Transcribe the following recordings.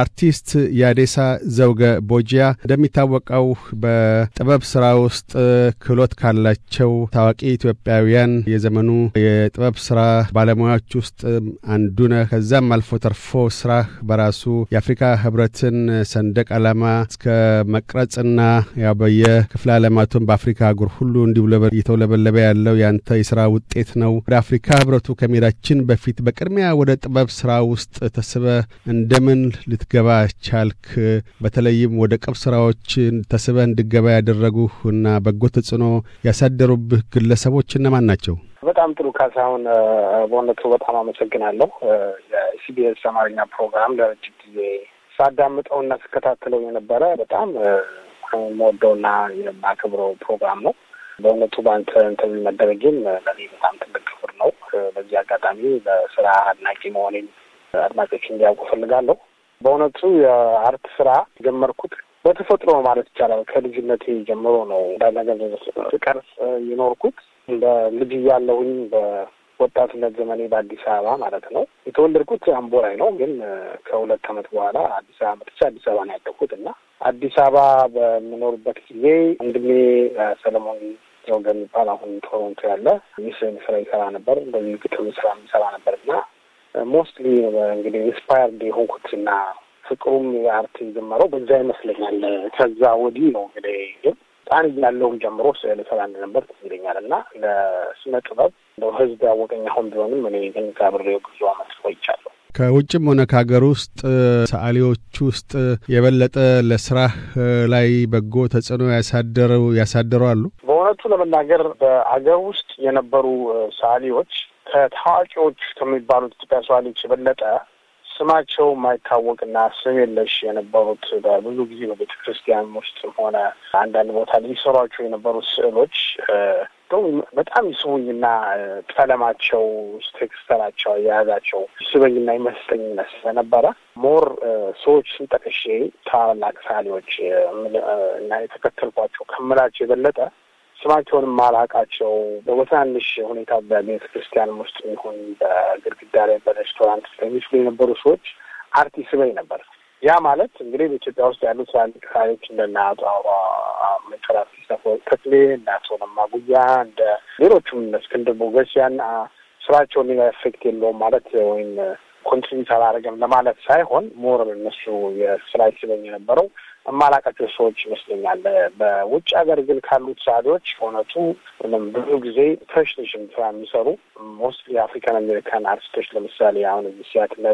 አርቲስት ያዴሳ ዘውገ ቦጂያ እንደሚታወቀው በጥበብ ስራ ውስጥ ክህሎት ካላቸው ታዋቂ ኢትዮጵያውያን የዘመኑ የጥበብ ስራ ባለሙያዎች ውስጥ አንዱ ነህ። ከዛም አልፎ ተርፎ ስራህ በራሱ የአፍሪካ ህብረትን ሰንደቅ ዓላማ እስከ መቅረጽና ያው በየክፍለ ዓለማቱን በአፍሪካ አህጉር ሁሉ እንዲሁ እየተውለበለበ ያለው ያንተ የስራ ውጤት ነው። ወደ አፍሪካ ህብረቱ ከመሄዳችን በፊት በቅድሚያ ወደ ጥበብ ስራ ውስጥ ተስበ እንደምን ልትገባ ቻልክ? በተለይም ወደ ቀብ ስራዎች ተስበህ እንድገባ ያደረጉህ እና በጎ ተጽዕኖ ያሳደሩብህ ግለሰቦች እነማን ናቸው? በጣም ጥሩ ካሳሁን፣ በእውነቱ በጣም አመሰግናለሁ። የሲቢኤስ አማርኛ ፕሮግራም ለረጅም ጊዜ ና ስከታተለው የነበረ በጣም የምወደውና የማከብረው ፕሮግራም ነው። በእውነቱ በአንተ ኢንተርቪው መደረግም ለኔ በጣም ትልቅ ክብር ነው። በዚህ አጋጣሚ በስራ አድናቂ መሆኔን አድማጮች እንዲያውቁ ፈልጋለሁ። በእውነቱ የአርት ስራ ጀመርኩት በተፈጥሮ ማለት ይቻላል። ከልጅነቴ ጀምሮ ነው እንዳነገር ቀርጽ የኖርኩት እንደ ልጅ እያለሁኝ በወጣትነት ዘመኔ በአዲስ አበባ ማለት ነው። የተወለድኩት አምቦ ላይ ነው፣ ግን ከሁለት አመት በኋላ አዲስ አበባ መጥቼ አዲስ አበባ ነው ያለሁት እና አዲስ አበባ በምኖርበት ጊዜ ወንድሜ ሰለሞን ዘውገ የሚባል አሁን ቶሮንቶ ያለ ሚስ ስራ ይሰራ ነበር። እንደዚህ ግጥም ስራ የሚሰራ ነበር እና ሞስትሊ uh, እንግዲህ ኢንስፓየርድ የሆንኩት እና ፍቅሩም አርት የጀመረው በዛ ይመስለኛል። ከዛ ወዲህ ነው እንግዲህ ግን ጣን ያለውም ጀምሮ ስዕል ስራ እንደነበር ትዝ ይለኛል እና ለስነ ጥበብ እንደው ህዝብ ያወቀኝ አሁን ቢሆንም እኔ ግን ከብሬው ብዙ አመት ቆይቻለሁ። ከውጭም ሆነ ከሀገር ውስጥ ሰዓሊዎች ውስጥ የበለጠ ለስራህ ላይ በጎ ተጽዕኖ ያሳደረው ያሳደረው አሉ። በእውነቱ ለመናገር በአገር ውስጥ የነበሩ ሰዓሊዎች ከታዋቂዎች ከሚባሉት ኢትዮጵያ ሰዋሊዎች የበለጠ ስማቸው ማይታወቅና ስም የለሽ የነበሩት በብዙ ጊዜ በቤተ ክርስቲያን ውስጥም ሆነ አንዳንድ ቦታ ላይ ይሰሯቸው የነበሩት ስዕሎች በጣም ይስቡኝና ቀለማቸው፣ ቴክስተራቸው፣ አያያዛቸው ይስበኝና ይመስጠኝ ስለነበረ ሞር ሰዎች ስንጠቅሼ ታላላቅ ሰዓሊዎች እና የተከተልኳቸው ከምላቸው የበለጠ ስማቸውንም ማላቃቸው በትናንሽ ሁኔታ በቤተ ክርስቲያን ውስጥ ይሁን በግድግዳ ላይ በሬስቶራንት ውስጥ የነበሩ ሰዎች አርት ይስበኝ ነበር። ያ ማለት እንግዲህ በኢትዮጵያ ውስጥ ያሉ ትላልቅ ሰዓሊዎች እንደ እነ አቶ አበባ መከራ ተክሌ፣ እንደ አቶ ጉያ፣ እንደ ሌሎቹም እስክንድር ቦገሲያን ስራቸው ሌላ ኤፌክት የለውም ማለት ወይም ኮንትሪቢዩት አላደረገም ለማለት ሳይሆን ሞር እነሱ የስራ ይስበኝ የነበረው እማላቃቸው ሰዎች ይመስለኛል። በውጭ ሀገር ግን ካሉት ሰዓሊዎች እውነቱ ብዙ ጊዜ ፕሬሽንሽን ስራ የሚሰሩ ሞስትሊ የአፍሪካን አሜሪካን አርቲስቶች ለምሳሌ አሁን እዚህ ሲያትል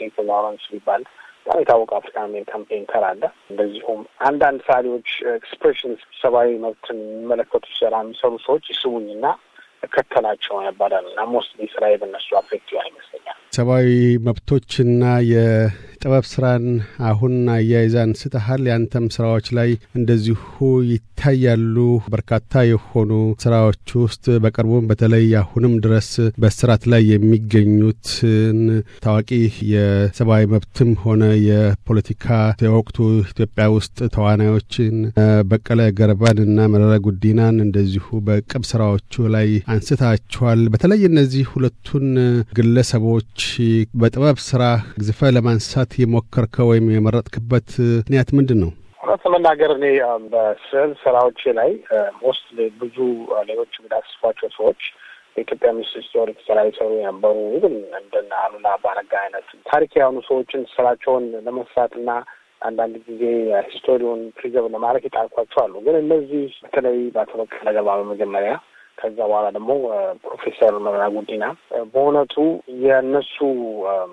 ጄክ ላውረንስ የሚባል በጣም የታወቀ አፍሪካን አሜሪካን ፔንተር አለ። እንደዚሁም አንዳንድ ሰዓሊዎች ኤክስፕሬሽን ሰብአዊ መብትን የሚመለከቱ ስራ የሚሰሩ ሰዎች ይስቡኝና እከተላቸው ይባላል እና ሞስት ስራ የበነሱ አፌክቲ ይሆን ይመስለኛል። ሰብአዊ መብቶችና ጥበብ ስራን አሁን አያይዛ ስትሃል ያንተም ስራዎች ላይ እንደዚሁ ይታያሉ በርካታ የሆኑ ስራዎች ውስጥ በቅርቡም በተለይ አሁንም ድረስ በስራት ላይ የሚገኙትን ታዋቂ የሰብአዊ መብትም ሆነ የፖለቲካ የወቅቱ ኢትዮጵያ ውስጥ ተዋናዮችን በቀለ ገርባን እና መረራ ጉዲናን እንደዚሁ በቅብ ስራዎቹ ላይ አንስታችኋል። በተለይ እነዚህ ሁለቱን ግለሰቦች በጥበብ ስራ ግዝፈ ለማንሳት የሞከርከው ወይም የመረጥክበት ምክንያት ምንድን ነው? እውነት ለመናገር እኔ በስዕል ስራዎቼ ላይ ሞስት ብዙ ሌሎች የሚዳስሷቸው ሰዎች የኢትዮጵያ ሚኒስትር ሂስቶሪክ ስራ የሰሩ የነበሩ እንደነ አሉላ አባነጋ አይነት ታሪክ የሆኑ ሰዎችን ስራቸውን ለመስራትና አንዳንድ ጊዜ ሂስቶሪውን ፕሪዘርቭ ለማድረግ የጣርኳቸው አሉ። ግን እነዚህ በተለይ በአቶ በቀለ ገርባ በመጀመሪያ ከዛ በኋላ ደግሞ ፕሮፌሰር መረራ ጉዲና በእውነቱ የእነሱ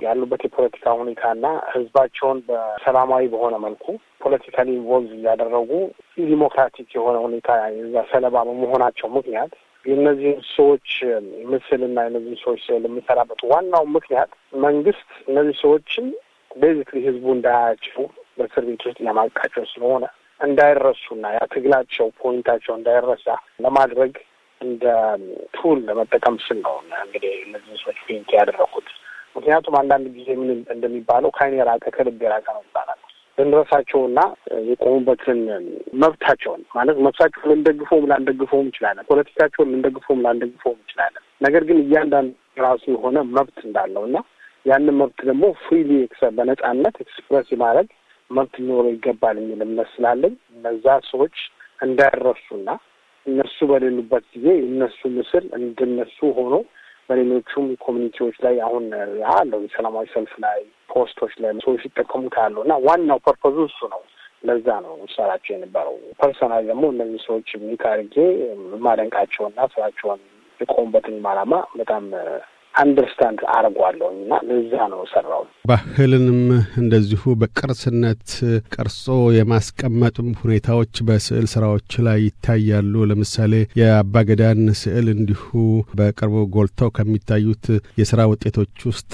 ያሉበት የፖለቲካ ሁኔታና ህዝባቸውን በሰላማዊ በሆነ መልኩ ፖለቲካሊ ኢንቮልቭ እያደረጉ ዲሞክራቲክ የሆነ ሁኔታ የዛ ሰለባ በመሆናቸው ምክንያት የነዚህ ሰዎች ምስልና የእነዚህን ሰዎች ስዕል የምንሰራበት ዋናው ምክንያት መንግስት እነዚህ ሰዎችን ቤዚክሊ ህዝቡ እንዳያያቸው በእስር ቤት ውስጥ ለማቃቸው ስለሆነ እንዳይረሱና ያ ትግላቸው ፖይንታቸው እንዳይረሳ ለማድረግ እንደ ቱል ለመጠቀም ስል ነው እንግዲህ እነዚህ ሰዎች ፊንክ ያደረኩት። ምክንያቱም አንዳንድ ጊዜ ምን እንደሚባለው ከአይን የራቀ ከልብ የራቀ ነው ይባላል። ልንረሳቸውና የቆሙበትን መብታቸውን ማለት መብታቸውን ልንደግፈውም ላንደግፈውም እንችላለን። ፖለቲካቸውን ልንደግፈውም ላንደግፈውም እንችላለን። ነገር ግን እያንዳንዱ የራሱ የሆነ መብት እንዳለው እና ያንን መብት ደግሞ ፍሪሊ በነጻነት ኤክስፕረስ ማድረግ መብት ሊኖረው ይገባል የሚል እምነት እነዛ ሰዎች እንዳይረሱና እነሱ በሌሉበት ጊዜ እነሱ ምስል እንደነሱ ሆኖ በሌሎቹም ኮሚኒቲዎች ላይ አሁን አለው ሰላማዊ ሰልፍ ላይ ፖስቶች ላይ ሰዎች ሲጠቀሙት አለው እና ዋናው ፐርፖዙ እሱ ነው። ለዛ ነው ሰራቸው የነበረው። ፐርሰናል ደግሞ እነዚህ ሰዎች ሚካርጌ ማደንቃቸውና ስራቸውን የቆሙበትን ዓላማ በጣም አንደርስታንድ አርጓለሁ እና ለዛ ነው ሰራው። ባህልንም እንደዚሁ በቅርስነት ቀርጾ የማስቀመጥም ሁኔታዎች በስዕል ስራዎች ላይ ይታያሉ። ለምሳሌ የአባገዳን ስዕል እንዲሁ በቅርቡ ጎልተው ከሚታዩት የስራ ውጤቶች ውስጥ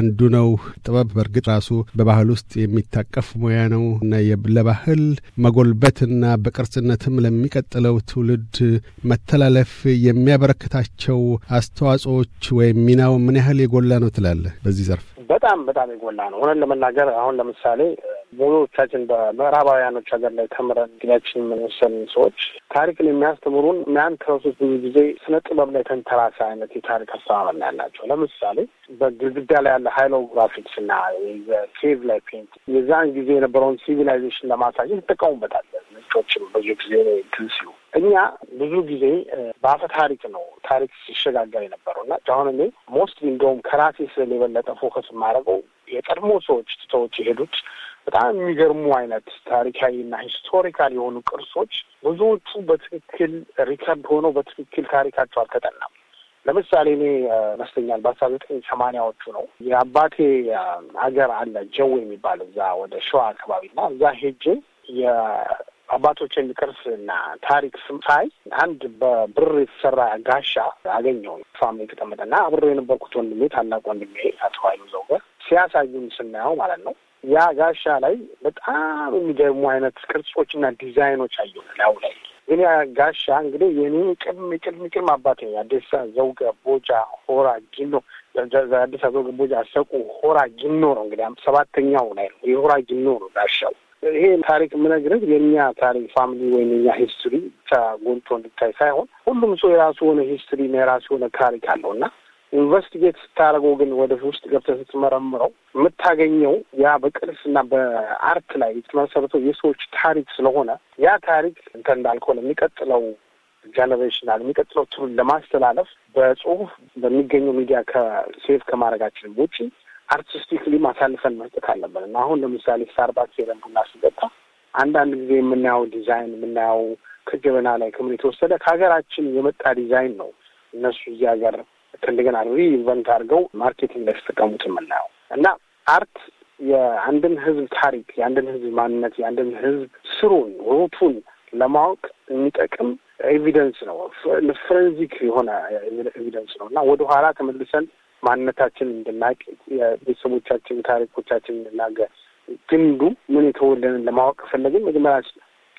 አንዱ ነው። ጥበብ በእርግጥ ራሱ በባህል ውስጥ የሚታቀፍ ሙያ ነው እና ለባህል መጎልበትና በቅርስነትም ለሚቀጥለው ትውልድ መተላለፍ የሚያበረክታቸው አስተዋጽኦዎች ወይም ሚናው ምን ያህል የጎላ ነው ትላለህ? በዚህ ዘርፍ በጣም በጣም የጎላ ነው። ሆነን ለመናገር አሁን ለምሳሌ ብዙዎቻችን በምዕራባውያኖች ሀገር ላይ ተምረን ግዳችን የምንወሰን ሰዎች ታሪክን የሚያስተምሩን የሚያንተረሱት ብዙ ጊዜ ስነ ጥበብ ላይ ተንተራሰ አይነት የታሪክ አስተማመን ያላቸው ለምሳሌ በግድግዳ ላይ ያለ ሃይሎግራፊክስ እና ኬቭ ላይ ፔንት የዛን ጊዜ የነበረውን ሲቪላይዜሽን ለማሳየት ይጠቀሙበታል። ነጮችም ብዙ ጊዜ ትንስሉ እኛ ብዙ ጊዜ በአፈ ታሪክ ነው ታሪክ ሲሸጋገር የነበረው እና አሁን እኔ ሞስት እንደውም ከራሴ ስል የበለጠ ፎከስ የማደርገው የቀድሞ ሰዎች ትተዎች የሄዱት በጣም የሚገርሙ አይነት ታሪካዊ ታሪካዊና ሂስቶሪካል የሆኑ ቅርሶች ብዙዎቹ በትክክል ሪከርድ ሆነው በትክክል ታሪካቸው አልተጠናም። ለምሳሌ እኔ ይመስለኛል በአስራ ዘጠኝ ሰማንያዎቹ ነው የአባቴ ሀገር አለ ጀው የሚባል እዛ ወደ ሸዋ አካባቢ እና እዛ ሄጄ አባቶችን ቅርስ እና ታሪክ ስም ሳይ አንድ በብር የተሰራ ጋሻ አገኘው ፋም የተቀመጠና አብሮ የነበርኩት ወንድሜ ታላቅ ወንድሜ አቶ ኃይሉ ዘውገር ሲያሳዩን ስናየው ማለት ነው ያ ጋሻ ላይ በጣም የሚገርሙ አይነት ቅርጾች ቅርጾችና ዲዛይኖች አየሁ ላዩ ላይ ግን ያ ጋሻ እንግዲህ የኔ ቅድም ቅድም ቅድም አባቴ አዲሳ ዘውገ ቦጃ ሆራ ጊኖ አዲሳ ዘውገ ቦጃ ሰቁ ሆራ ጊኖ ነው እንግዲህ ሰባተኛው ላይ ነው የሆራ ጊኖ ነው ጋሻው ይሄ ታሪክ የምነግርህ የእኛ ታሪክ ፋሚሊ ወይም የኛ ሂስትሪ ብቻ ጎልቶ እንድታይ ሳይሆን ሁሉም ሰው የራሱ የሆነ ሂስትሪ እና የራሱ የሆነ ታሪክ አለው እና ኢንቨስቲጌት ስታደርገው ግን ወደ ውስጥ ገብተህ ስትመረምረው የምታገኘው ያ በቅርስ እና በአርት ላይ የተመሰረተው የሰዎች ታሪክ ስለሆነ ያ ታሪክ እንተ እንዳልከው የሚቀጥለው ጀኔሬሽናል የሚቀጥለው ትውልድ ለማስተላለፍ በጽሁፍ በሚገኘው ሚዲያ ከሴቭ ከማድረጋችን ውጭ አርቲስቲክሊ ማሳልፈን መስጠት አለብን እና አሁን ለምሳሌ ስታርባክስ ሄደን ቡና ስንጠጣ አንዳንድ ጊዜ የምናየው ዲዛይን የምናየው ከገበና ላይ ከምን የተወሰደ ከሀገራችን የመጣ ዲዛይን ነው። እነሱ እዚህ ሀገር እንደገና ሪኢንቨንት አድርገው ማርኬቲንግ ላይ ሲጠቀሙት የምናየው እና አርት የአንድን ህዝብ ታሪክ የአንድን ህዝብ ማንነት የአንድን ህዝብ ስሩን ሩቱን ለማወቅ የሚጠቅም ኤቪደንስ ነው። ፍረንዚክ የሆነ ኤቪደንስ ነው እና ወደኋላ ተመልሰን ማንነታችን እንድናቅ የቤተሰቦቻችን ታሪኮቻችን እንድናገር ግንዱ ምን የተወለንን ለማወቅ ፈለግን። መጀመሪያ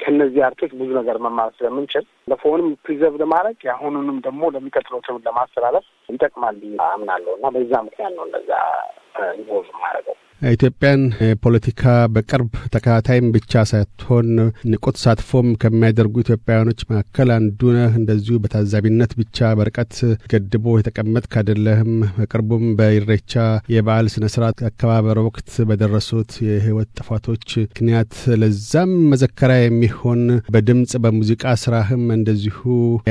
ከእነዚህ አርቶች ብዙ ነገር መማር ስለምንችል ለፎንም ፕሪዘርቭ ለማድረግ የአሁኑንም ደግሞ ለሚቀጥለው ትውልድ ለማስተላለፍ ይጠቅማል አምናለሁ እና በዛ ምክንያት ነው እንደዛ ኢንቮልቭ ማድረገው። ኢትዮጵያን ፖለቲካ በቅርብ ተከታታይም ብቻ ሳትሆን ንቁ ተሳትፎም ከሚያደርጉ ኢትዮጵያውያኖች መካከል አንዱ ነህ። እንደዚሁ በታዛቢነት ብቻ በርቀት ገድቦ የተቀመጥክ አይደለህም። በቅርቡም በኢሬቻ የበዓል ስነ ስርዓት አከባበር ወቅት በደረሱት የህይወት ጥፋቶች ምክንያት ለዛም መዘከሪያ የሚሆን በድምፅ በሙዚቃ ስራህም እንደዚሁ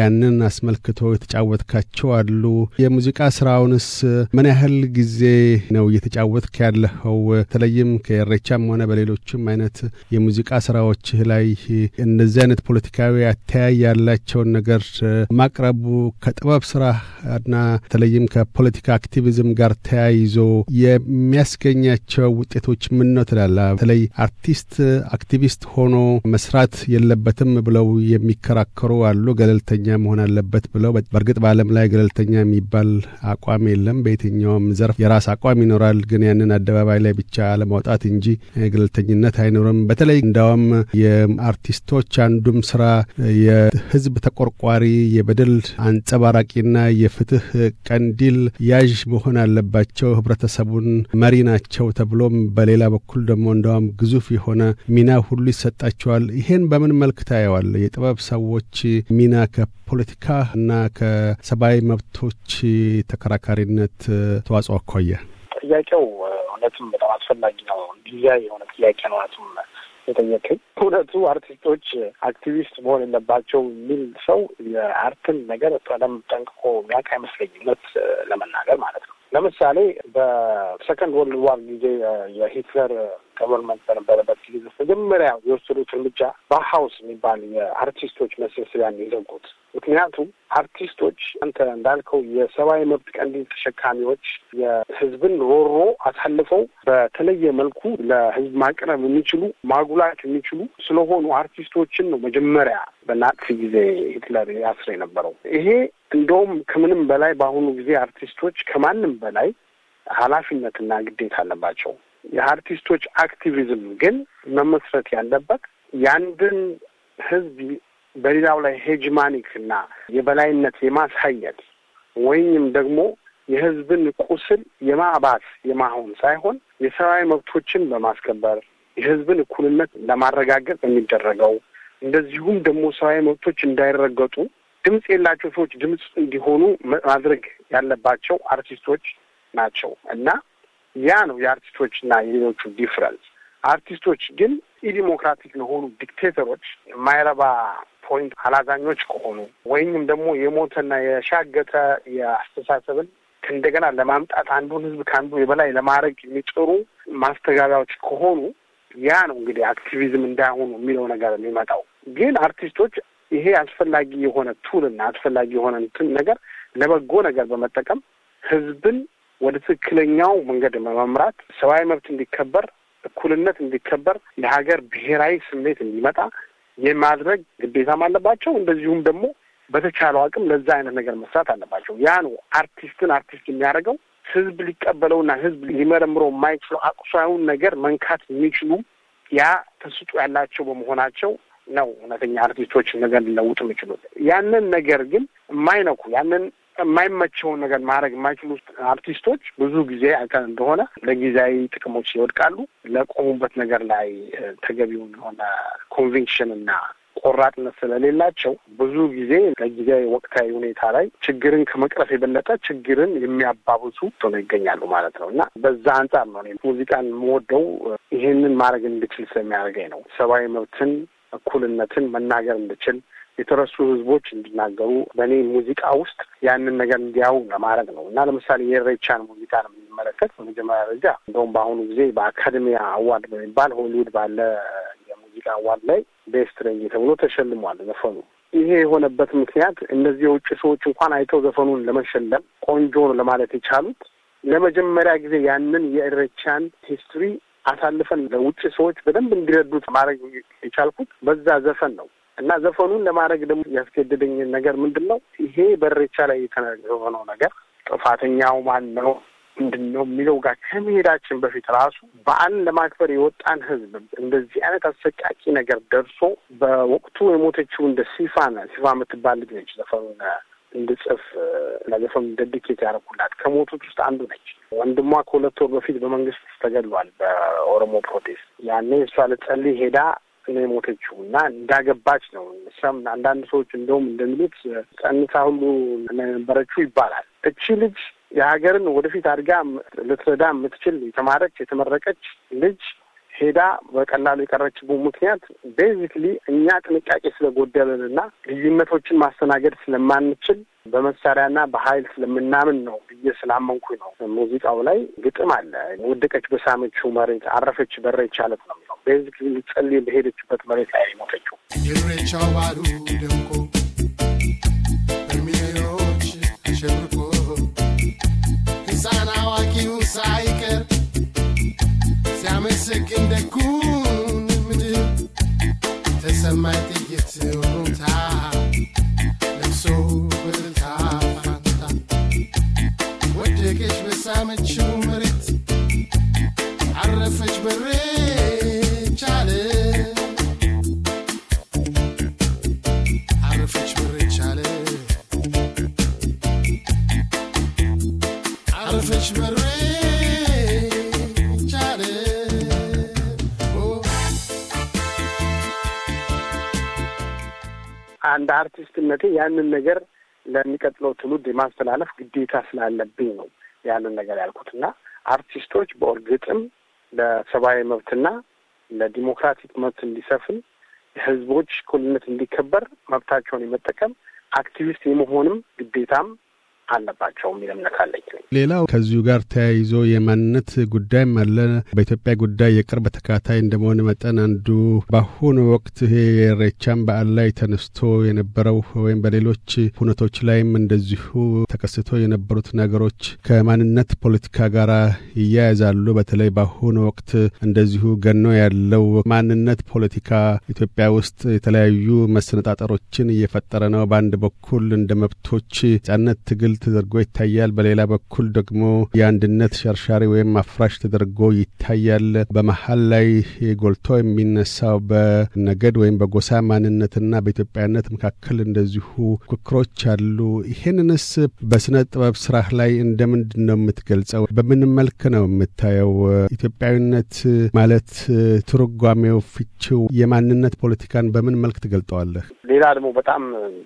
ያንን አስመልክቶ የተጫወትካቸው አሉ። የሙዚቃ ስራውንስ ምን ያህል ጊዜ ነው እየተጫወትክ ያለኸው? ነው። በተለይም ከኤሬቻም ሆነ በሌሎችም አይነት የሙዚቃ ስራዎች ላይ እነዚህ አይነት ፖለቲካዊ አተያይ ያላቸውን ነገር ማቅረቡ ከጥበብ ስራ እና በተለይም ከፖለቲካ አክቲቪዝም ጋር ተያይዞ የሚያስገኛቸው ውጤቶች ምን ነው ትላለ? በተለይ አርቲስት አክቲቪስት ሆኖ መስራት የለበትም ብለው የሚከራከሩ አሉ። ገለልተኛ መሆን አለበት ብለው በእርግጥ በዓለም ላይ ገለልተኛ የሚባል አቋም የለም። በየትኛውም ዘርፍ የራስ አቋም ይኖራል። ግን ያንን አደባባይ ላይ ላይ ብቻ ለማውጣት እንጂ ገለልተኝነት አይኖርም። በተለይ እንዳውም የአርቲስቶች አንዱም ስራ የህዝብ ተቆርቋሪ፣ የበደል አንጸባራቂና የፍትህ ቀንዲል ያዥ መሆን አለባቸው፣ ህብረተሰቡን መሪ ናቸው ተብሎም በሌላ በኩል ደግሞ እንዳውም ግዙፍ የሆነ ሚና ሁሉ ይሰጣቸዋል። ይሄን በምን መልክ ታየዋል? የጥበብ ሰዎች ሚና ከፖለቲካ እና ከሰብአዊ መብቶች ተከራካሪነት ተዋጽኦ አኳያ ጥያቄው እውነትም በጣም አስፈላጊ ነው። ጊዜያዊ የሆነ ጥያቄ ነው እውነትም የጠየቀኝ እውነቱ አርቲስቶች አክቲቪስት መሆን የለባቸው የሚል ሰው የአርትን ነገር ቀደም ጠንቅቆ የሚያውቅ አይመስለኝም፣ ለመናገር ማለት ነው። ለምሳሌ በሰከንድ ወርልድ ዋር ጊዜ የሂትለር ገቨርንመንት በነበረበት ጊዜ መጀመሪያ የወሰዱት እርምጃ ባሀውስ የሚባል የአርቲስቶች መሰብሰቢያን የዘጉት። ምክንያቱም አርቲስቶች አንተ እንዳልከው የሰብአዊ መብት ቀንዲል ተሸካሚዎች የህዝብን ሮሮ አሳልፈው በተለየ መልኩ ለህዝብ ማቅረብ የሚችሉ ማጉላት የሚችሉ ስለሆኑ አርቲስቶችን ነው መጀመሪያ በናዚ ጊዜ ሂትለር ያስር የነበረው። ይሄ እንደውም ከምንም በላይ በአሁኑ ጊዜ አርቲስቶች ከማንም በላይ ኃላፊነትና ግዴታ አለባቸው። የአርቲስቶች አክቲቪዝም ግን መመስረት ያለበት የአንድን ህዝብ በሌላው ላይ ሄጅማኒክ እና የበላይነት የማሳየት ወይም ደግሞ የህዝብን ቁስል የማባስ የማሆን ሳይሆን የሰብአዊ መብቶችን በማስከበር የህዝብን እኩልነት ለማረጋገጥ የሚደረገው እንደዚሁም ደግሞ ሰብአዊ መብቶች እንዳይረገጡ ድምፅ የላቸው ሰዎች ድምፅ እንዲሆኑ ማድረግ ያለባቸው አርቲስቶች ናቸው እና ያ ነው የአርቲስቶችና የሌሎቹ ዲፍረንስ። አርቲስቶች ግን ኢዲሞክራቲክ ለሆኑ ዲክቴተሮች የማይረባ ፖይንት አላዛኞች ከሆኑ ወይም ደግሞ የሞተና የሻገተ የአስተሳሰብን እንደገና ለማምጣት አንዱን ህዝብ ከአንዱ የበላይ ለማድረግ የሚጥሩ ማስተጋቢያዎች ከሆኑ ያ ነው እንግዲህ አክቲቪዝም እንዳይሆኑ የሚለው ነገር የሚመጣው። ግን አርቲስቶች ይሄ አስፈላጊ የሆነ ቱልና አስፈላጊ የሆነ እንትን ነገር ለበጎ ነገር በመጠቀም ህዝብን ወደ ትክክለኛው መንገድ መምራት፣ ሰብአዊ መብት እንዲከበር፣ እኩልነት እንዲከበር፣ የሀገር ብሔራዊ ስሜት እንዲመጣ የማድረግ ግዴታም አለባቸው። እንደዚሁም ደግሞ በተቻለው አቅም ለዛ አይነት ነገር መስራት አለባቸው። ያ ነው አርቲስትን አርቲስት የሚያደርገው። ህዝብ ሊቀበለውና ህዝብ ሊመረምረው የማይችለው አቁሳዊውን ነገር መንካት የሚችሉ ያ ተስጦ ያላቸው በመሆናቸው ነው እውነተኛ አርቲስቶች ነገር ሊለውጡ የሚችሉት። ያንን ነገር ግን የማይነኩ ያንን የማይመቸውን ነገር ማድረግ የማይችሉ አርቲስቶች ብዙ ጊዜ አይተን እንደሆነ ለጊዜያዊ ጥቅሞች ይወድቃሉ። ለቆሙበት ነገር ላይ ተገቢውን የሆነ ኮንቪንክሽን እና ቆራጥነት ስለሌላቸው ብዙ ጊዜ ለጊዜያዊ ወቅታዊ ሁኔታ ላይ ችግርን ከመቅረፍ የበለጠ ችግርን የሚያባብሱ ሆነው ይገኛሉ ማለት ነው እና በዛ አንጻር ነው ሙዚቃን የምወደው ይህንን ማድረግ እንድችል ስለሚያደርገኝ ነው። ሰብአዊ መብትን እኩልነትን መናገር እንድችል የተረሱ ህዝቦች እንዲናገሩ በእኔ ሙዚቃ ውስጥ ያንን ነገር እንዲያው ለማድረግ ነው እና ለምሳሌ የኢሬቻን ሙዚቃ ነው የምንመለከት በመጀመሪያ ደረጃ እንደውም በአሁኑ ጊዜ በአካደሚያ አዋርድ በሚባል ሆሊውድ ባለ የሙዚቃ አዋርድ ላይ ቤስት ሬንጅ ተብሎ ተሸልሟል ዘፈኑ። ይሄ የሆነበት ምክንያት እነዚህ የውጭ ሰዎች እንኳን አይተው ዘፈኑን ለመሸለም ቆንጆ ነው ለማለት የቻሉት ለመጀመሪያ ጊዜ ያንን የኢሬቻን ሂስትሪ አሳልፈን ለውጭ ሰዎች በደንብ እንዲረዱት ማድረግ የቻልኩት በዛ ዘፈን ነው። እና ዘፈኑን ለማድረግ ደግሞ ያስገደደኝ ነገር ምንድን ነው ይሄ በሬቻ ላይ የተሆነው ነገር ጥፋተኛው ማን ነው ምንድን ነው የሚለው ጋር ከመሄዳችን በፊት ራሱ በዓልን ለማክበር የወጣን ህዝብ እንደዚህ አይነት አሰቃቂ ነገር ደርሶ በወቅቱ የሞተችው እንደ ሲፋና ሲፋ የምትባል ልጅ ነች ዘፈኑን እንድጽፍ ለዘፈኑ ደድኬት ያደረኩላት ከሞቶች ውስጥ አንዱ ነች። ወንድሟ ከሁለት ወር በፊት በመንግስት ተገድሏል በኦሮሞ ፕሮቴስት። ያኔ እሷ ልጸልይ ሄዳ ውስጥ ነው የሞተችው እና እንዳገባች ነው። እሷም አንዳንድ ሰዎች እንደውም እንደሚሉት ቀንሳ ሁሉ ነበረችው ይባላል። እቺ ልጅ የሀገርን ወደፊት አድጋ ልትረዳ የምትችል የተማረች የተመረቀች ልጅ ሄዳ በቀላሉ የቀረችበት ምክንያት ቤዚክሊ እኛ ጥንቃቄ ስለጎደለን እና ልዩነቶችን ማስተናገድ ስለማንችል በመሳሪያና በኃይል ስለምናምን ነው ብዬ ስላመንኩኝ ነው። ሙዚቃው ላይ ግጥም አለ። ወደቀች በሳመችው መሬት አረፈች በረ ይቻለት ነው በህዝብ ልትጸልይ በሄደችበት መሬት ላይ ሞተችው። የሬቻው ባሉ ደምቆ በሚሊዮኖች አሸብርቆ ሕፃን አዋቂው ሳይቀር ሲያመሰግን ደጉን ምድር ተሰማኝ ጥይት ሆኑታ ለብሶ በልታ ፋንታ ወደቀች በሳመችው መሬት عرفت بالريح አንድ አርቲስትነቴ ያንን ነገር ለሚቀጥለው ትውልድ የማስተላለፍ ግዴታ ስላለብኝ ነው ያንን ነገር ያልኩት እና አርቲስቶች በእርግጥም ለሰብአዊ መብትና ለዲሞክራቲክ መብት እንዲሰፍን ህዝቦች እኩልነት እንዲከበር መብታቸውን የመጠቀም አክቲቪስት የመሆንም ግዴታም አለባቸው የሚል እምነት አለኝ። ሌላው ከዚሁ ጋር ተያይዞ የማንነት ጉዳይም አለ። በኢትዮጵያ ጉዳይ የቅርብ ተካታይ እንደመሆን መጠን አንዱ በአሁኑ ወቅት ይሄ የኢሬቻን በዓል ላይ ተነስቶ የነበረው ወይም በሌሎች ሁነቶች ላይም እንደዚሁ ተከስቶ የነበሩት ነገሮች ከማንነት ፖለቲካ ጋር ይያያዛሉ። በተለይ በአሁኑ ወቅት እንደዚሁ ገኖ ያለው ማንነት ፖለቲካ ኢትዮጵያ ውስጥ የተለያዩ መሰነጣጠሮችን እየፈጠረ ነው። በአንድ በኩል እንደ መብቶች ነጻነት ትግል ተደርጎ ይታያል። በሌላ በኩል ደግሞ የአንድነት ሸርሻሪ ወይም አፍራሽ ተደርጎ ይታያል። በመሀል ላይ ጎልቶ የሚነሳው በነገድ ወይም በጎሳ ማንነትና በኢትዮጵያነት መካከል እንደዚሁ ክክሮች አሉ። ይህንንስ በስነ ጥበብ ስራህ ላይ እንደምንድን ነው የምትገልጸው? በምን መልክ ነው የምታየው? ኢትዮጵያዊነት ማለት ትርጓሜው፣ ፍቺው፣ የማንነት ፖለቲካን በምን መልክ ትገልጠዋለህ? ሌላ ደግሞ በጣም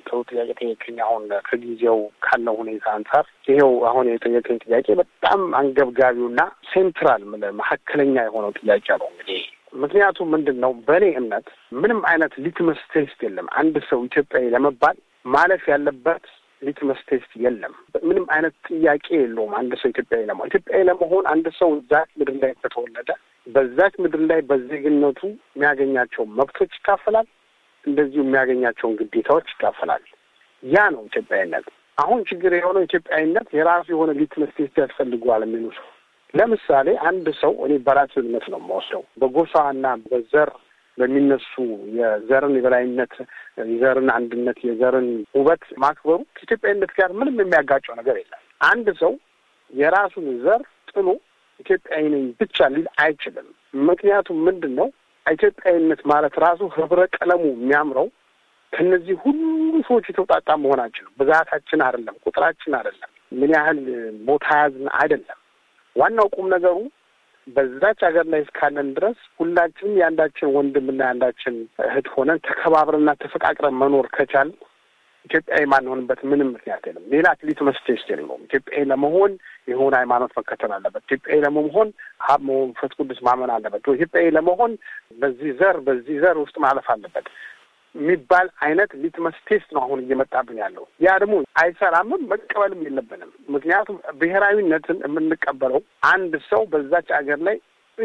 ጥሩ ጥያቄ ጠየቅኝ። አሁን ከጊዜው ካለው ሁኔታ አንጻር ይኸው አሁን የጠየቀኝ ጥያቄ በጣም አንገብጋቢውና ሴንትራል መካከለኛ የሆነው ጥያቄ ነው እንግዲህ ምክንያቱም ምንድን ነው በእኔ እምነት ምንም አይነት ሊትመስ ቴስት የለም። አንድ ሰው ኢትዮጵያዊ ለመባል ማለፍ ያለበት ሊትመስ ቴስት የለም። ምንም አይነት ጥያቄ የለውም። አንድ ሰው ኢትዮጵያዊ ለመሆን ኢትዮጵያዊ ለመሆን አንድ ሰው ዛች ምድር ላይ ከተወለደ በዛች ምድር ላይ በዜግነቱ የሚያገኛቸው መብቶች ይካፈላል፣ እንደዚሁ የሚያገኛቸውን ግዴታዎች ይካፈላል። ያ ነው ኢትዮጵያዊነት። አሁን ችግር የሆነው ኢትዮጵያዊነት የራሱ የሆነ ሊትመስ ቴስት ያስፈልገዋል ሰው ለምሳሌ አንድ ሰው እኔ በራሴ እምነት ነው በጎሳ በጎሳና በዘር በሚነሱ የዘርን የበላይነት፣ የዘርን አንድነት፣ የዘርን ውበት ማክበሩ ከኢትዮጵያዊነት ጋር ምንም የሚያጋጨው ነገር የለም። አንድ ሰው የራሱን ዘር ጥሎ ኢትዮጵያዊ ነኝ ብቻ ሊል አይችልም። ምክንያቱም ምንድን ነው ኢትዮጵያዊነት ማለት ራሱ ህብረ ቀለሙ የሚያምረው ከነዚህ ሁሉ ሰዎች የተውጣጣ መሆናችን ነው። ብዛታችን አይደለም፣ ቁጥራችን አይደለም፣ ምን ያህል ቦታ ያዝን አይደለም። ዋናው ቁም ነገሩ በዛች ሀገር ላይ እስካለን ድረስ ሁላችንም የአንዳችን ወንድምና የአንዳችን እህት ሆነን ተከባብረና ተፈቃቅረን መኖር ከቻል ኢትዮጵያዊ ማንሆንበት ምንም ምክንያት የለም። ሌላ አትሊት መስቴስ የለውም። ኢትዮጵያዊ ለመሆን የሆነ ሃይማኖት መከተል አለበት። ኢትዮጵያዊ ለመሆን ሀብ መሆን መንፈስ ቅዱስ ማመን አለበት። ኢትዮጵያዊ ለመሆን በዚህ ዘር በዚህ ዘር ውስጥ ማለፍ አለበት። የሚባል አይነት ሊትመስ ቴስት ነው አሁን እየመጣብን ያለው። ያ ደግሞ አይሰራምም፣ መቀበልም የለብንም። ምክንያቱም ብሔራዊነትን የምንቀበለው አንድ ሰው በዛች አገር ላይ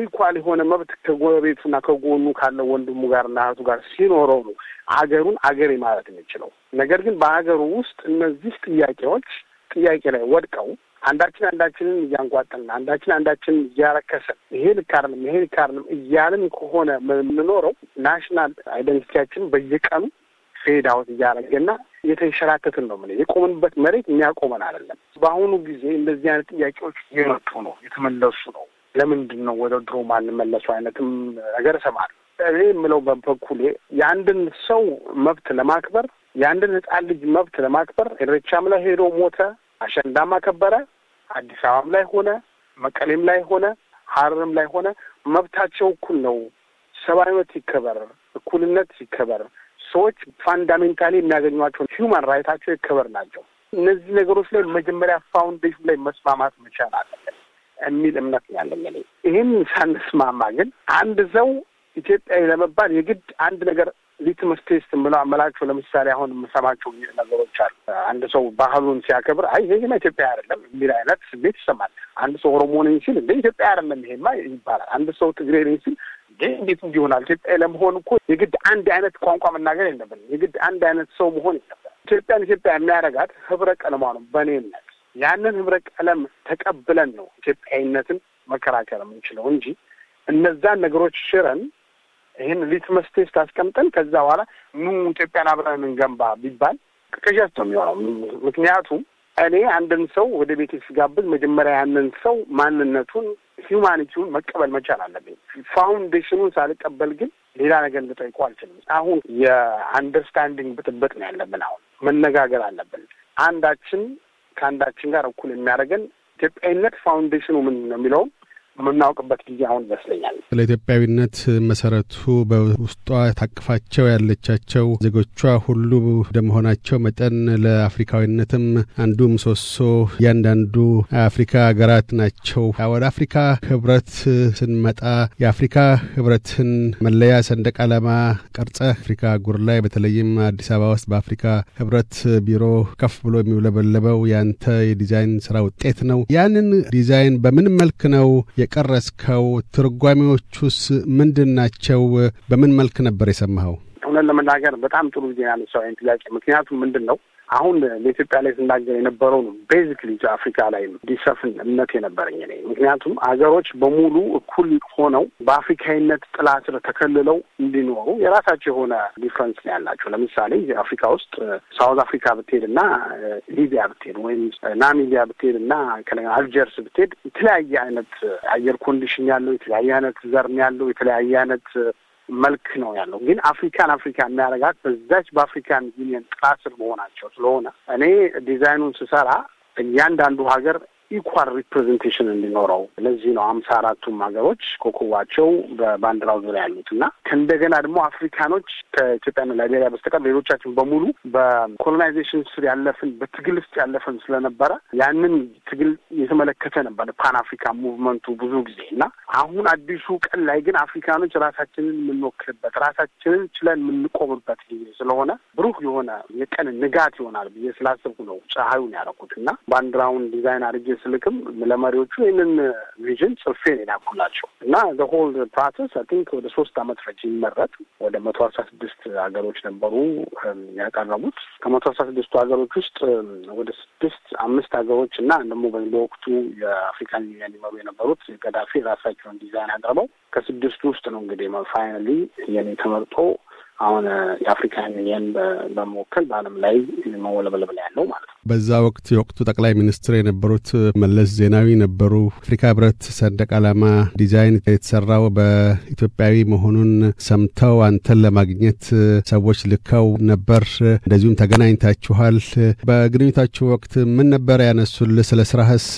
ኢኳል የሆነ መብት ከጎረቤቱና ከጎኑ ካለው ወንድሙ ጋርና እህቱ ጋር ሲኖረው ነው አገሩን አገሬ ማለት የሚችለው። ነገር ግን በሀገሩ ውስጥ እነዚህ ጥያቄዎች ጥያቄ ላይ ወድቀው አንዳችን አንዳችንን እያንጓጠልን፣ አንዳችን አንዳችንን እያረከሰን ይሄ ልክ አይደለም ይሄ ልክ አይደለም እያልን ከሆነ የምንኖረው ናሽናል አይደንቲቲያችን በየቀኑ ፌድ አውት እያደረገና የተንሸራተትን ነው። ምን የቆምንበት መሬት የሚያቆመን አይደለም። በአሁኑ ጊዜ እንደዚህ አይነት ጥያቄዎች እየመጡ ነው፣ የተመለሱ ነው። ለምንድን ነው ወደ ድሮ ማንመለሱ አይነትም ነገር እሰማለሁ። እኔ የምለው በበኩሌ የአንድን ሰው መብት ለማክበር የአንድን ሕፃን ልጅ መብት ለማክበር ኢሬቻም ላይ ሄዶ ሞተ፣ አሸንዳም አከበረ፣ አዲስ አበባም ላይ ሆነ፣ መቀሌም ላይ ሆነ፣ ሀረርም ላይ ሆነ መብታቸው እኩል ነው። ሰብአዊነት ይከበር፣ እኩልነት ይከበር፣ ሰዎች ፋንዳሜንታሊ የሚያገኟቸው ሂውማን ራይታቸው ይከበር ናቸው። እነዚህ ነገሮች ላይ መጀመሪያ ፋውንዴሽን ላይ መስማማት መቻል አለብን የሚል እምነት ያለኝ እኔ። ይህን ሳንስማማ ግን አንድ ሰው ኢትዮጵያዊ ለመባል የግድ አንድ ነገር እዚህ ትምህርት ስ ምላችሁ ለምሳሌ አሁን የምሰማቸው ነገሮች አሉ። አንድ ሰው ባህሉን ሲያከብር አይ ይህማ ኢትዮጵያ አይደለም የሚል አይነት ስሜት ይሰማል። አንድ ሰው ኦሮሞ ሲል እንደ ኢትዮጵያ አይደለም ይሄማ ይባላል። አንድ ሰው ትግሬ ሲል ግን እንዴት እንዲሆናል? ኢትዮጵያ ለመሆን እኮ የግድ አንድ አይነት ቋንቋ መናገር የለብን፣ የግድ አንድ አይነት ሰው መሆን የለብን። ኢትዮጵያን ኢትዮጵያ የሚያደርጋት ህብረ ቀለሟ ነው በእኔነት ያንን ህብረ ቀለም ተቀብለን ነው ኢትዮጵያዊነትን መከራከር የምንችለው እንጂ እነዛን ነገሮች ሽረን ይህን ሊትመስ ቴስት አስቀምጠን ከዛ በኋላ ኑ ኢትዮጵያን አብረን እንገንባ ቢባል ቅዠት ነው የሚሆነው። ምክንያቱም እኔ አንድን ሰው ወደ ቤት ስጋብዝ መጀመሪያ ያንን ሰው ማንነቱን ሂውማኒቲውን መቀበል መቻል አለብኝ። ፋውንዴሽኑን ሳልቀበል ግን ሌላ ነገር ልጠይቀው አልችልም። አሁን የአንደርስታንዲንግ ብጥብጥ ነው ያለብን። አሁን መነጋገር አለብን። አንዳችን ከአንዳችን ጋር እኩል የሚያደርገን ኢትዮጵያዊነት ፋውንዴሽኑ ምንድን ነው የሚለውም የምናውቅበት ጊዜ አሁን ይመስለኛል። ስለ ኢትዮጵያዊነት መሰረቱ በውስጧ ታቅፋቸው ያለቻቸው ዜጎቿ ሁሉ እንደመሆናቸው መጠን ለአፍሪካዊነትም አንዱ ምሰሶ እያንዳንዱ አፍሪካ ሀገራት ናቸው። ወደ አፍሪካ ህብረት ስንመጣ የአፍሪካ ህብረትን መለያ ሰንደቅ ዓላማ ቀርጸ አፍሪካ ጉር ላይ በተለይም አዲስ አበባ ውስጥ በአፍሪካ ህብረት ቢሮ ከፍ ብሎ የሚውለበለበው ያንተ የዲዛይን ስራ ውጤት ነው። ያንን ዲዛይን በምን መልክ ነው የቀረስከው? ትርጓሜዎቹስ ምንድን ናቸው? በምን መልክ ነበር የሰማኸው? እውነት ለመናገር በጣም ጥሩ ጊዜ ያነሳው ይህን ጥያቄ። ምክንያቱም ምንድን ነው አሁን በኢትዮጵያ ላይ ስናገር የነበረው ነው ቤዚክሊ አፍሪካ ላይ እንዲሰፍን እምነት የነበረኝ እኔ። ምክንያቱም አገሮች በሙሉ እኩል ሆነው በአፍሪካዊነት ጥላ ስር ተከልለው እንዲኖሩ የራሳቸው የሆነ ዲፍረንስ ነው ያላቸው። ለምሳሌ አፍሪካ ውስጥ ሳውዝ አፍሪካ ብትሄድ እና ሊቢያ ብትሄድ ወይም ናሚቢያ ብትሄድ እና አልጀርስ ብትሄድ የተለያየ አይነት አየር ኮንዲሽን ያለው የተለያየ አይነት ዘርም ያለው የተለያየ አይነት መልክ ነው ያለው። ግን አፍሪካን አፍሪካ የሚያደርጋት በዛች በአፍሪካን ዩኒየን ጥላ ስር መሆናቸው ስለሆነ እኔ ዲዛይኑን ስሰራ እያንዳንዱ ሀገር ኢኳል ሪፕሬዘንቴሽን እንዲኖረው። ለዚህ ነው አምሳ አራቱም ሀገሮች ኮከባቸው በባንዲራው ዙሪያ ያሉት እና ከእንደገና ደግሞ አፍሪካኖች ከኢትዮጵያና ላይቤሪያ በስተቀር ሌሎቻችን በሙሉ በኮሎናይዜሽን ስር ያለፍን በትግል ውስጥ ያለፍን ስለነበረ ያንን ትግል የተመለከተ ነበረ ፓን አፍሪካ ሙቭመንቱ ብዙ ጊዜ እና አሁን አዲሱ ቀን ላይ ግን አፍሪካኖች ራሳችንን የምንወክልበት ራሳችንን ችለን የምንቆምበት ጊዜ ስለሆነ ብሩህ የሆነ የቀን ንጋት ይሆናል ብዬ ስላሰብኩ ነው ፀሐዩን ያደረኩት እና ባንዲራውን ዲዛይን አድርጌ ስልክም ለመሪዎቹ ይህንን ቪዥን ጽፌ ነው የላኩላቸው እና ዘሆል ፕሮሰስ አይ ቲንክ ወደ ሶስት አመት ፈጅ ይመረጥ ወደ መቶ አስራ ስድስት ሀገሮች ነበሩ ያቀረቡት። ከመቶ አስራ ስድስቱ ሀገሮች ውስጥ ወደ ስድስት አምስት ሀገሮች እና ደግሞ በወቅቱ የአፍሪካን ዩኒየን ይመሩ የነበሩት ገዳፊ ራሳቸውን ዲዛይን አቅርበው ከስድስቱ ውስጥ ነው እንግዲህ ፋይናሊ የኔ ተመርጦ አሁን የአፍሪካን ዩኒየን በመወከል በዓለም ላይ መወለበለብላ ያለው ማለት ነው። በዛ ወቅት የወቅቱ ጠቅላይ ሚኒስትር የነበሩት መለስ ዜናዊ ነበሩ። አፍሪካ ህብረት ሰንደቅ ዓላማ ዲዛይን የተሰራው በኢትዮጵያዊ መሆኑን ሰምተው አንተን ለማግኘት ሰዎች ልከው ነበር። እንደዚሁም ተገናኝታችኋል። በግንኙታችሁ ወቅት ምን ነበር ያነሱል? ስለ ስራህስ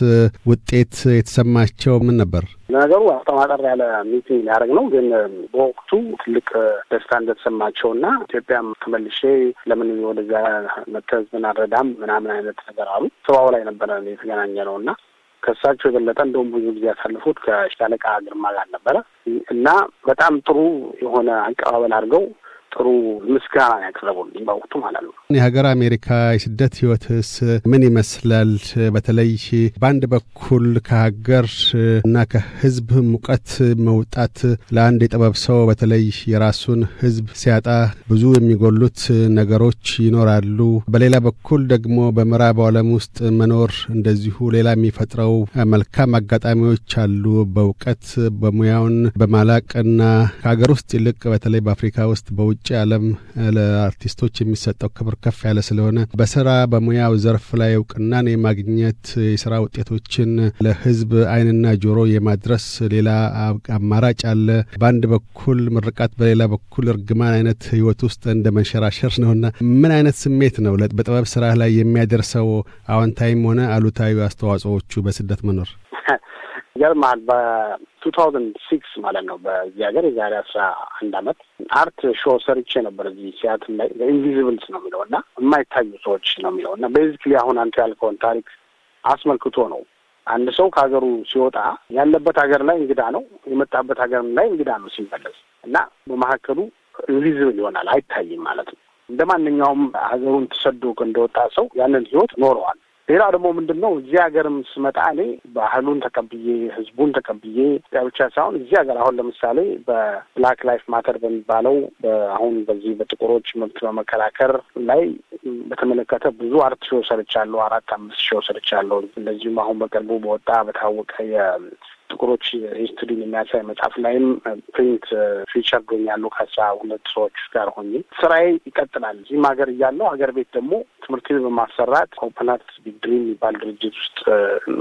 ውጤት የተሰማቸው ምን ነበር? ነገሩ አጠማጠር ያለ ሚቲንግ ሊያደርግ ነው፣ ግን በወቅቱ ትልቅ ደስታ እንደተሰማ ናቸው እና ኢትዮጵያ ተመልሼ ለምን ወደዛ መተህ ህዝብን ምናምን አይነት ነገር አሉ። ስብሰባው ላይ ነበረ የተገናኘ ነው እና ከእሳቸው የበለጠ እንደውም ብዙ ጊዜ ያሳልፉት ከሻለቃ ግርማ ጋር ነበረ እና በጣም ጥሩ የሆነ አቀባበል አድርገው ጥሩ ምስጋና ያቀረቡልኝ በወቅቱ ማለት ነው። የሀገር አሜሪካ የስደት ህይወትስ ምን ይመስላል? በተለይ በአንድ በኩል ከሀገር እና ከህዝብ ሙቀት መውጣት ለአንድ የጥበብ ሰው በተለይ የራሱን ህዝብ ሲያጣ ብዙ የሚጎሉት ነገሮች ይኖራሉ። በሌላ በኩል ደግሞ በምዕራብ ዓለም ውስጥ መኖር እንደዚሁ ሌላ የሚፈጥረው መልካም አጋጣሚዎች አሉ። በእውቀት በሙያውን በማላቅና ከሀገር ውስጥ ይልቅ በተለይ በአፍሪካ ውስጥ በውጭ በውጭ ዓለም ለአርቲስቶች የሚሰጠው ክብር ከፍ ያለ ስለሆነ በስራ በሙያው ዘርፍ ላይ እውቅናን የማግኘት የስራ ውጤቶችን ለህዝብ አይንና ጆሮ የማድረስ ሌላ አማራጭ አለ። በአንድ በኩል ምርቃት፣ በሌላ በኩል እርግማን አይነት ህይወት ውስጥ እንደ መንሸራሸር ነውና ምን አይነት ስሜት ነው በጥበብ ስራ ላይ የሚያደርሰው አዎንታዊም ሆነ አሉታዊ አስተዋጽኦዎቹ በስደት መኖር? ይገርማል። በቱ ታውዘንድ ሲክስ ማለት ነው በዚህ ሀገር የዛሬ አስራ አንድ አመት አርት ሾ ሰርቼ ነበር እዚህ ሲያትል ላይ ኢንቪዚብልስ ነው የሚለው እና የማይታዩ ሰዎች ነው የሚለው እና ቤዚክሊ አሁን አንተ ያልከውን ታሪክ አስመልክቶ ነው። አንድ ሰው ከሀገሩ ሲወጣ ያለበት ሀገር ላይ እንግዳ ነው፣ የመጣበት ሀገር ላይ እንግዳ ነው ሲመለስ እና በመካከሉ ኢንቪዚብል ይሆናል አይታይም ማለት ነው። እንደ ማንኛውም ሀገሩን ተሰዶ እንደወጣ ሰው ያንን ህይወት ኖረዋል። ሌላ ደግሞ ምንድን ነው እዚህ ሀገርም ስመጣ እኔ ባህሉን ተቀብዬ ህዝቡን ተቀብዬ ብቻ ሳይሆን እዚህ ሀገር አሁን ለምሳሌ በብላክ ላይፍ ማተር በሚባለው አሁን በዚህ በጥቁሮች መብት በመከላከል ላይ በተመለከተ ብዙ አርት ሾው ሰርቻለሁ። አራት አምስት ሾው ሰርቻለሁ። እንደዚሁም አሁን በቅርቡ በወጣ በታወቀ የ ጥቁሮች ሂስትሪን የሚያሳይ መጽሐፍ ላይም ፕሪንት ፊቸር ዶኛሉ ከአስራ ሁለት ሰዎች ጋር ሆኜ ስራዬ ይቀጥላል። እዚህም ሀገር እያለሁ ሀገር ቤት ደግሞ ትምህርት ቤት በማሰራት ኮምፕናት ቢግ ድሪም የሚባል ድርጅት ውስጥ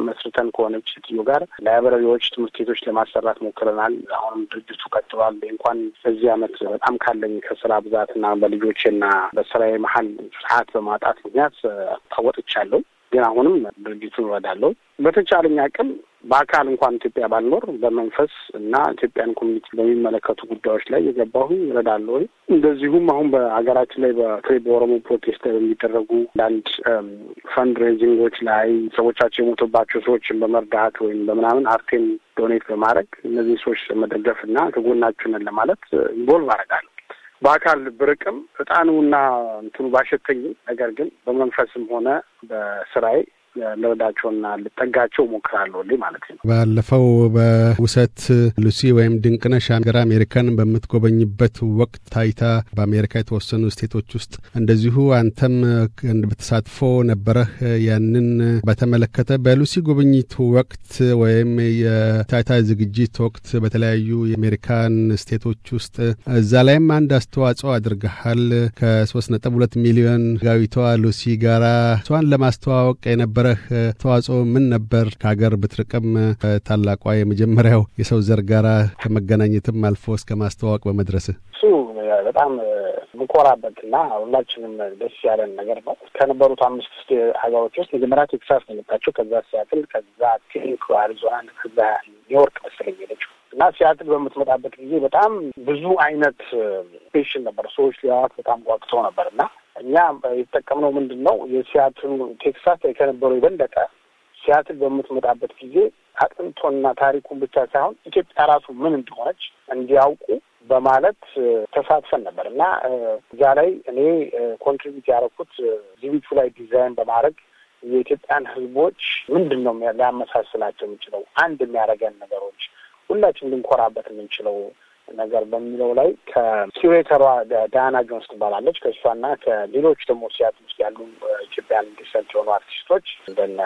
መስርተን ከሆነች ሴትዮ ጋር ላይብረሪዎች፣ ትምህርት ቤቶች ለማሰራት ሞክረናል። አሁንም ድርጅቱ ቀጥሏል። እንኳን በዚህ አመት በጣም ካለኝ ከስራ ብዛትና በልጆቼና በስራዬ መሀል ሰዓት በማጣት ምክንያት ታወጥቻለሁ። ግን አሁንም ድርጊቱ እረዳለሁ። በተቻለኝ አቅም በአካል እንኳን ኢትዮጵያ ባልኖር በመንፈስ እና ኢትዮጵያን ኮሚኒቲ በሚመለከቱ ጉዳዮች ላይ የገባሁ እረዳለሁ። እንደዚሁም አሁን በሀገራችን ላይ በተለይ በኦሮሞ ፕሮቴስት በሚደረጉ አንዳንድ ፈንድ ሬዚንጎች ላይ ሰዎቻቸው የሞቱባቸው ሰዎችን በመርዳት ወይም በምናምን አርቴን ዶኔት በማድረግ እነዚህ ሰዎች መደገፍ እና ከጎናችሁ ነን ለማለት ኢንቮልቭ አደርጋለሁ። በአካል ብርቅም እጣኑና እንትኑ ባሸተኝም ነገር ግን በመንፈስም ሆነ በስራዬ ልረዳቸውና ልጠጋቸው ሞክራለሁ ማለት ነው። ባለፈው በውሰት ሉሲ ወይም ድንቅነሽ ሀገር አሜሪካን በምትጎበኝበት ወቅት ታይታ በአሜሪካ የተወሰኑ ስቴቶች ውስጥ እንደዚሁ አንተም በተሳትፎ ነበረህ። ያንን በተመለከተ በሉሲ ጉብኝት ወቅት ወይም የታይታ ዝግጅት ወቅት በተለያዩ የአሜሪካን ስቴቶች ውስጥ እዛ ላይም አንድ አስተዋጽኦ አድርገሃል ከሶስት ነጥብ ሁለት ሚሊዮን ጋዊቷ ሉሲ ጋራ እሷን ለማስተዋወቅ የነበረ የነበረህ ተዋጽኦ ምን ነበር? ከሀገር ብትርቅም ታላቋ የመጀመሪያው የሰው ዘር ጋራ ከመገናኘትም አልፎ እስከ ማስተዋወቅ በመድረስህ እሱ በጣም ምኮራበት እና ሁላችንም ደስ ያለን ነገር ነው። ከነበሩት አምስት ሀገሮች ውስጥ መጀመሪያ ቴክሳስ ነው የመጣችው፣ ከዛ ሲያትል፣ ከዛ ቴክ አሪዞናን፣ ከዛ ኒውዮርክ መሰለኝ ሄደችው እና ሲያትል በምትመጣበት ጊዜ በጣም ብዙ አይነት ፔሽን ነበር። ሰዎች ሊያዋት በጣም ጓግተው ነበር እና እኛ የተጠቀምነው ምንድን ነው? የሲያትል ቴክሳስ ከነበረው የበለጠ ሲያትል በምትመጣበት ጊዜ አጥንቶና ታሪኩን ብቻ ሳይሆን ኢትዮጵያ ራሱ ምን እንደሆነች እንዲያውቁ በማለት ተሳትፈን ነበር እና እዛ ላይ እኔ ኮንትሪቢዩት ያደረኩት ዝግጁ ላይ ዲዛይን በማድረግ የኢትዮጵያን ሕዝቦች ምንድን ነው ሊያመሳስላቸው የሚችለው አንድ የሚያደርገን ነገሮች ሁላችን ልንኮራበት የምንችለው ነገር በሚለው ላይ ከኪሬተሯ ዳያና ጆንስ ትባላለች። ከእሷና ከሌሎች ደግሞ ሲያት ውስጥ ያሉ ኢትዮጵያን ዲሰንት የሆኑ አርቲስቶች እንደነ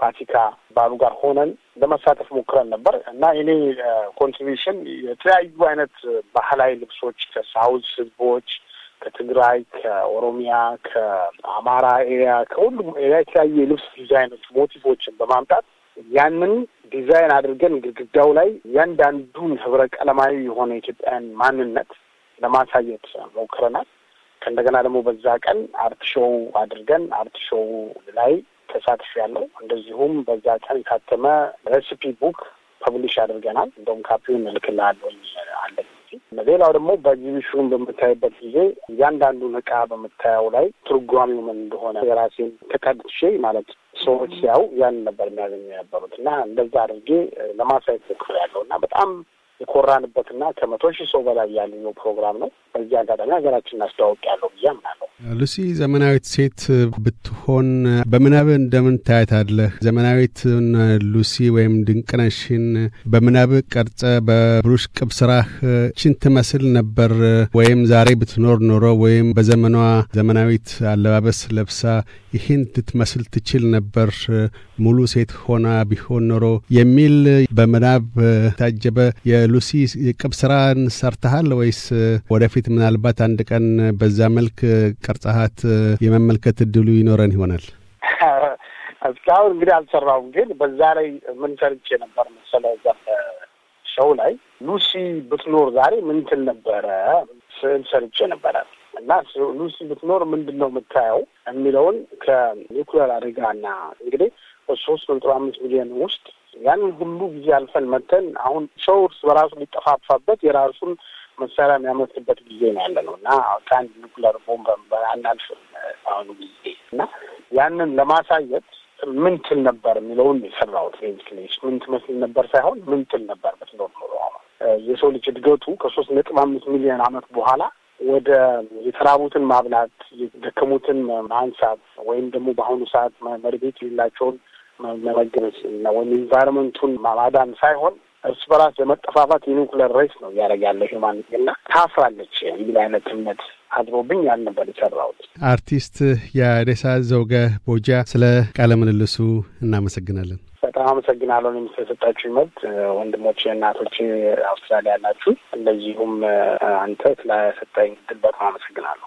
ፋቲካ ባሉ ጋር ሆነን ለመሳተፍ ሞክረን ነበር እና የኔ ኮንትሪቢሽን የተለያዩ አይነት ባህላዊ ልብሶች ከሳውዝ ህዝቦች ከትግራይ፣ ከኦሮሚያ፣ ከአማራ ኤሪያ፣ ከሁሉም ኤሪያ የተለያዩ የልብስ ዲዛይኖች ሞቲቮችን በማምጣት ያንን ዲዛይን አድርገን ግድግዳው ላይ እያንዳንዱን ህብረ ቀለማዊ የሆነ ኢትዮጵያን ማንነት ለማሳየት ሞክረናል። ከእንደገና ደግሞ በዛ ቀን አርት ሾው አድርገን አርት ሾው ላይ ተሳትፍ ያለው እንደዚሁም በዛ ቀን የታተመ ሬሲፒ ቡክ ፐብሊሽ አድርገናል። እንደውም ካፒውን እልክልሃለሁ አለኝ። ሌላው ደግሞ በኤግዚቢሽኑን በምታይበት ጊዜ እያንዳንዱን እቃ በምታየው ላይ ትርጓሚው ምን እንደሆነ የራሴን ተቀድሼ ማለት ሰዎች ሲያዩ ያን ነበር የሚያገኙ የነበሩት እና እንደዛ አድርጌ ለማሳየት ሞክሬያለሁ እና በጣም የኮራንበትና ከመቶ ሺህ ሰው በላይ ያለኘው ፕሮግራም ነው። በዚህ አጋጣሚ ሀገራችን እናስተዋወቅ ያለው ብዬ አምናለሁ። ሉሲ ዘመናዊት ሴት ብትሆን በምናብ እንደምን ታያታለህ? ዘመናዊትን ሉሲ ወይም ድንቅነሽን በምናብ ቀርጸ በብሩሽ ቅብ ስራህ ችን ትመስል ነበር ወይም ዛሬ ብትኖር ኖሮ ወይም በዘመኗ ዘመናዊት አለባበስ ለብሳ ይህን ልትመስል ትችል ነበር ሙሉ ሴት ሆና ቢሆን ኖሮ የሚል በምናብ ታጀበ ሉሲ ቅብ ስራን ሰርተሃል ወይስ ወደፊት ምናልባት አንድ ቀን በዛ መልክ ቀርጻሃት የመመልከት እድሉ ይኖረን ይሆናል? እስካሁን እንግዲህ አልሰራውም፣ ግን በዛ ላይ ምን ሰርቼ ነበር መሰለህ? እዛ ሸው ላይ ሉሲ ብትኖር ዛሬ ምን ትል ነበረ? ስዕል ሰርቼ ነበረ እና ሉሲ ብትኖር ምንድን ነው የምታየው የሚለውን ከኒኩለር አደጋና እንግዲህ ሶስት ነጥብ አምስት ሚሊዮን ውስጥ ያንን ሁሉ ጊዜ አልፈን መተን አሁን ሰው እርስ በራሱ ሊጠፋፋበት የራሱን መሳሪያ የሚያመርትበት ጊዜ ነው ያለ ነው እና ከአንድ ኒኩለር ቦምብ አናልፍም አሁኑ ጊዜ እና ያንን ለማሳየት ምን ትል ነበር የሚለውን የሰራሁት ትንሽ ምን ትመስል ነበር ሳይሆን ምን ትል ነበር ብትኖር ኖሮ የሰው ልጅ እድገቱ ከሶስት ነጥብ አምስት ሚሊዮን አመት በኋላ ወደ የተራቡትን ማብላት፣ የደከሙትን ማንሳት ወይም ደግሞ በአሁኑ ሰዓት መሬት የሌላቸውን መመገበች እና ወይም ኢንቫይሮመንቱን ማዳን ሳይሆን እርስ በራስ የመጠፋፋት የኒውክለር ሬስ ነው እያደረግ ያለ ሂውማኒቲ እና ታፍራለች የሚል አይነት እምነት አድሮብኝ ነበር የሰራሁት። አርቲስት የሬሳ ዘውገ ቦጃ ስለ ቃለ ምልልሱ እናመሰግናለን። በጣም አመሰግናለሁ። የምትሰጣችሁ መብት ወንድሞቼ፣ እናቶቼ አውስትራሊያ ናችሁ፣ እንደዚሁም አንተ ስለሰጠኝ ዕድል በጣም አመሰግናለሁ።